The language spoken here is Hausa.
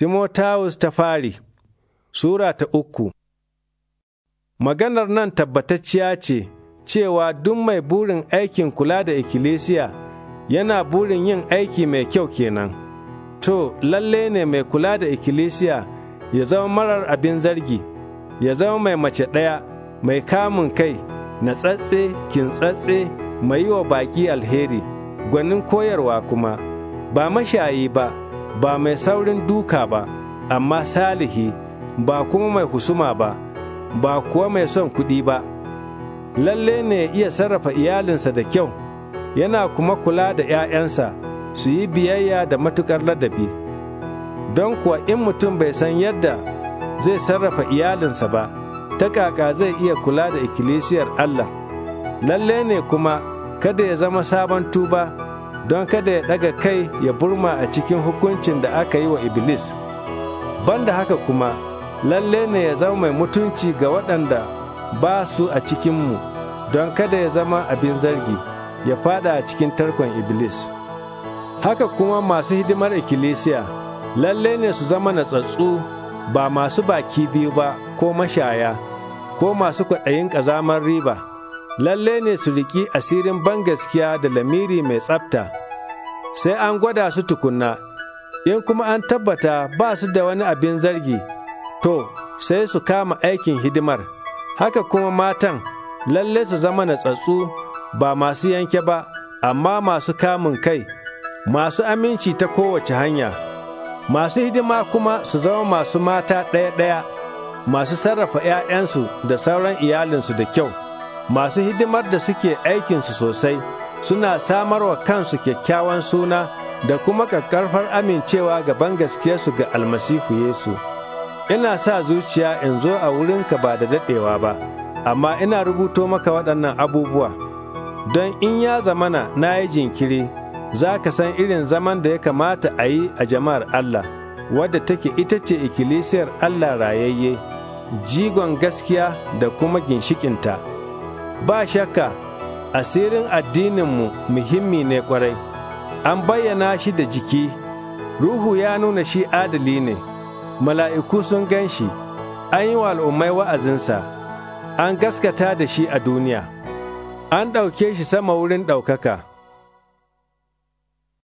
Timotawus ta fari Sura ta uku Maganar nan tabbatacciya ce cewa duk mai burin aikin kula da ikkilisiya yana burin yin aiki mai kyau kenan. To, lalle ne mai kula da ikkilisiya ya zama marar abin zargi, ya zama mai mace ɗaya, mai kamun kai, natsatse, kintsatse, mai yi wa baƙi alheri, gwanin koyarwa kuma, ba mashayi ba. ba mai saurin duka ba amma salihi ba kuma mai husuma ba ba kuwa mai son kuɗi ba lalle ne ya iya sarrafa iyalinsa da kyau yana kuma kula da ‘ya'yansa su yi biyayya da matuƙar ladabi don kuwa in mutum bai san yadda zai sarrafa iyalinsa ba ta kaka zai iya kula da ikkilisiyar Allah lalle ne kuma kada ya zama sabon tuba don kada ya ɗaga kai ya burma a cikin hukuncin da aka yi wa Iblis. Banda haka kuma, lalle ne ya zama mai mutunci ga waɗanda ba su a cikinmu, don kada ya zama abin zargi, ya fada a cikin tarkon Iblis. Haka kuma masu hidimar ikkilisiya, lalle ne su zama natsatsu ba masu baki biyu ba ko mashaya, ko masu kwaɗayin ƙazamar riba. lalle ne su riki asirin ban gaskiya da lamiri mai tsafta, sai an gwada su tukunna, in kuma an tabbata ba su da wani abin zargi, to, sai su kama aikin hidimar, haka kuma matan, lalle su zama natsatsu ba masu yanke ba, amma masu kamun kai, masu aminci ta kowace hanya, masu hidima kuma su zama masu mata ɗaya-ɗaya, masu sarrafa ‘ya'yansu da sauran iyalinsu da kyau. masu hidimar da suke aikinsu sosai suna samarwa kansu kyakkyawan suna da kuma kakkarfar amincewa gaban gaskiyarsu ga almasihu Yesu. Ina sa zuciya in zo a wurinka ba da daɗewa ba, amma ina rubuto maka waɗannan abubuwa, don in ya zamana na yi jinkiri, za ka san irin zaman da ya kamata a yi a jama'ar Allah, wadda take ita ce ikkilisiyar Allah rayayye, jigon gaskiya da kuma ginshikinta. ba shakka asirin addininmu muhimmi ne kwarai an bayyana shi da jiki ruhu ya nuna shi adali ne mala'iku sun gan shi an yi wa al'ummai wa'azinsa an gaskata da shi a duniya an ɗauke shi sama wurin ɗaukaka.